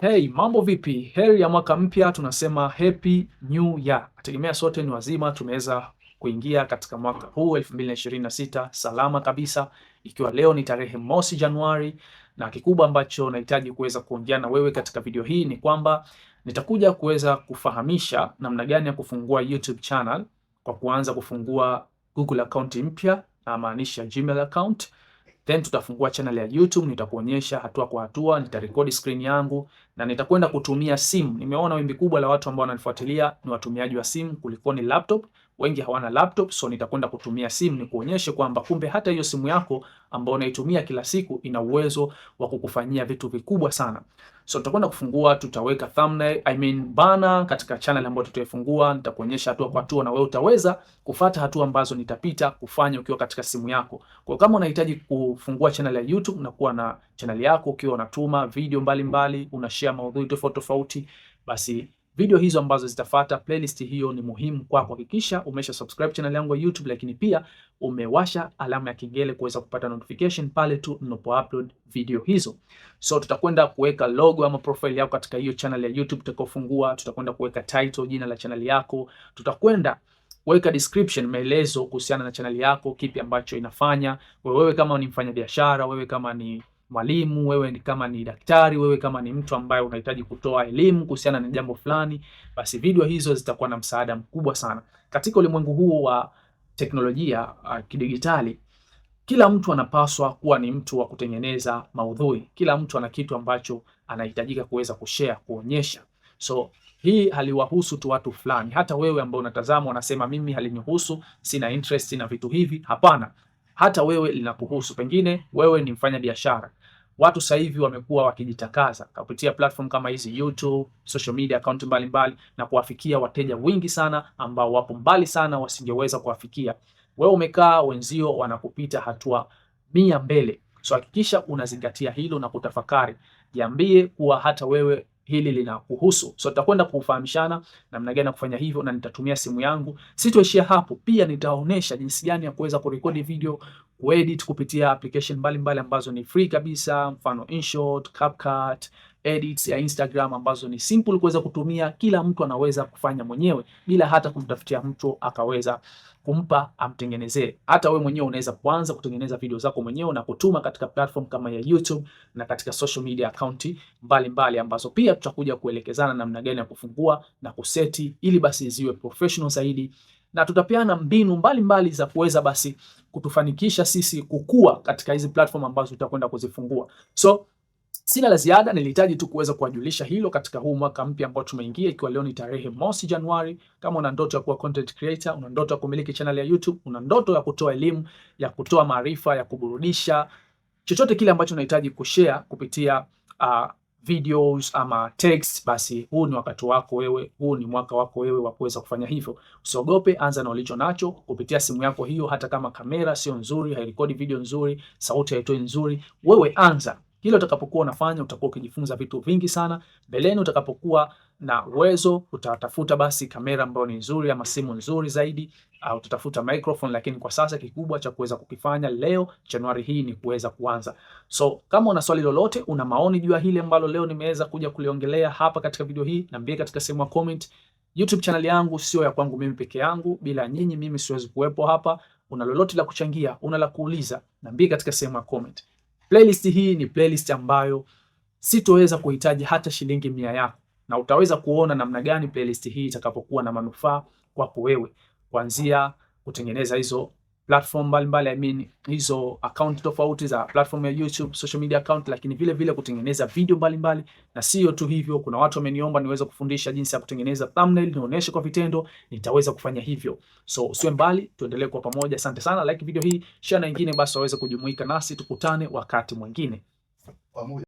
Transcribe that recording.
Hey, mambo vipi? Heri ya mwaka mpya, tunasema happy new year. Nategemea sote ni wazima, tumeweza kuingia katika mwaka huu 2026 salama kabisa, ikiwa leo ni tarehe mosi Januari, na kikubwa ambacho nahitaji kuweza kuongea na wewe katika video hii ni kwamba nitakuja kuweza kufahamisha namna gani ya kufungua YouTube channel kwa kuanza kufungua Google account mpya, na maanisha Gmail account Then tutafungua channel ya YouTube, nitakuonyesha hatua kwa hatua, nitarekodi screen yangu na nitakwenda kutumia simu. Nimeona wimbi kubwa la watu ambao wananifuatilia ni watumiaji wa simu kuliko ni laptop. Wengi hawana laptop, so nitakwenda kutumia simu nikuonyeshe kwamba kumbe hata hiyo simu yako ambayo unaitumia kila siku ina uwezo wa kukufanyia vitu vikubwa sana. So tutakwenda kufungua, tutaweka thumbnail, I mean bana katika channel ambayo tutaifungua. Nitakuonyesha hatua kwa hatua, na wewe utaweza kufata hatua ambazo nitapita kufanya ukiwa katika simu yako. Kwa kama unahitaji kufungua channel ya YouTube na kuwa na channel yako ukiwa unatuma video mbalimbali mbali, unashare maudhui tofauti tofauti, basi video hizo ambazo zitafuata. Playlist hiyo ni muhimu kwa kuhakikisha umesha subscribe channel yangu ya YouTube, lakini pia umewasha alama ya kengele kuweza kupata notification pale tu ninapo upload video hizo. So tutakwenda kuweka logo ama profile yako katika hiyo channel ya YouTube utakofungua, tutakwenda kuweka title, jina la channel yako, tutakwenda weka description, maelezo kuhusiana na chaneli yako, kipi ambacho inafanya wewe, kama ni mfanyabiashara, wewe kama ni mwalimu, wewe ni kama ni daktari, wewe kama ni mtu ambaye unahitaji kutoa elimu kuhusiana na jambo fulani, basi video hizo zitakuwa na msaada mkubwa sana katika ulimwengu huu wa teknolojia uh, kidigitali. Kila mtu anapaswa kuwa ni mtu wa kutengeneza maudhui. Kila mtu ana kitu ambacho anahitajika kuweza kushare, kuonyesha. So hii haliwahusu tu watu fulani. Hata wewe ambao unatazama unasema, mimi halinihusu, sina interest na vitu hivi. Hapana, hata wewe linakuhusu. Pengine wewe ni mfanya biashara. Watu sasa hivi wamekuwa wakijitakaza kupitia platform kama hizi YouTube, social media account mbalimbali mbali, na kuwafikia wateja wengi sana ambao wapo mbali sana wasingeweza kuwafikia. Wewe umekaa, wenzio wanakupita hatua mia mbele. So hakikisha unazingatia hilo na kutafakari. Jiambie kuwa hata wewe hili linakuhusu. So tutakwenda kufahamishana namna gani ya kufanya hivyo, na nitatumia simu yangu. Sitoishia hapo, pia nitaonesha jinsi gani ya kuweza kurekodi video, kuedit kupitia application mbalimbali mbali ambazo ni free kabisa, mfano InShot, CapCut edits ya Instagram ambazo ni simple kuweza kutumia, kila mtu anaweza kufanya mwenyewe bila hata kumtafutia mtu akaweza kumpa amtengenezee. Hata wewe mwenyewe unaweza kuanza kutengeneza video zako mwenyewe na kutuma katika platform kama ya YouTube na katika social media account mbalimbali, mbali, ambazo pia tutakuja kuelekezana namna gani ya kufungua na kuseti ili basi ziwe professional zaidi na tutapeana mbinu mbalimbali mbali za kuweza basi kutufanikisha sisi kukua katika hizi platform ambazo tutakwenda kuzifungua. So Sina la ziada, nilihitaji tu kuweza kuwajulisha hilo katika huu mwaka mpya ambao tumeingia, ikiwa leo ni tarehe mosi Januari. Kama una ndoto ya kuwa content creator, una ndoto ya kumiliki channel ya YouTube, una ndoto ya kutoa elimu, ya kutoa maarifa, ya kuburudisha, chochote kile ambacho unahitaji kushare kupitia uh, videos ama text, basi huu ni wakati wako wewe, huu ni mwaka wako wewe wa kuweza kufanya hivyo. Usiogope, anza na ulicho nacho kupitia simu yako hiyo. Hata kama kamera sio nzuri, hairekodi video nzuri, sauti haitoi nzuri, wewe anza hilo utakapokuwa unafanya utakuwa ukijifunza vitu vingi sana. Mbeleni utakapokuwa na uwezo utatafuta basi kamera ambayo ni nzuri ama simu nzuri zaidi, au utatafuta microphone, lakini kwa sasa kikubwa cha kuweza kukifanya leo Januari hii ni kuweza kuanza. So kama una swali lolote, una maoni juu ya hili ambalo leo nimeweza kuja kuliongelea hapa katika video hii, niambie katika sehemu ya comment. YouTube channel yangu sio ya kwangu mimi peke yangu, bila nyinyi mimi siwezi kuwepo hapa. Una lolote la kuchangia, una la kuuliza, niambie katika sehemu ya comment. Playlist hii ni playlist ambayo sitoweza kuhitaji hata shilingi mia yako, na utaweza kuona namna gani playlist hii itakapokuwa na manufaa kwako wewe, kuanzia kutengeneza hizo platform mbalimbali I mean, hizo account tofauti za platform ya YouTube, social media account, lakini vile vile kutengeneza video mbalimbali mbali. Na sio tu hivyo, kuna watu wameniomba niweze kufundisha jinsi ya kutengeneza thumbnail, nionyeshe kwa vitendo, nitaweza kufanya hivyo. So usiwe mbali, tuendelee kwa pamoja. Asante sana, like video hii, share na wengine, basi waweze kujumuika nasi. Tukutane wakati mwingine pamoja.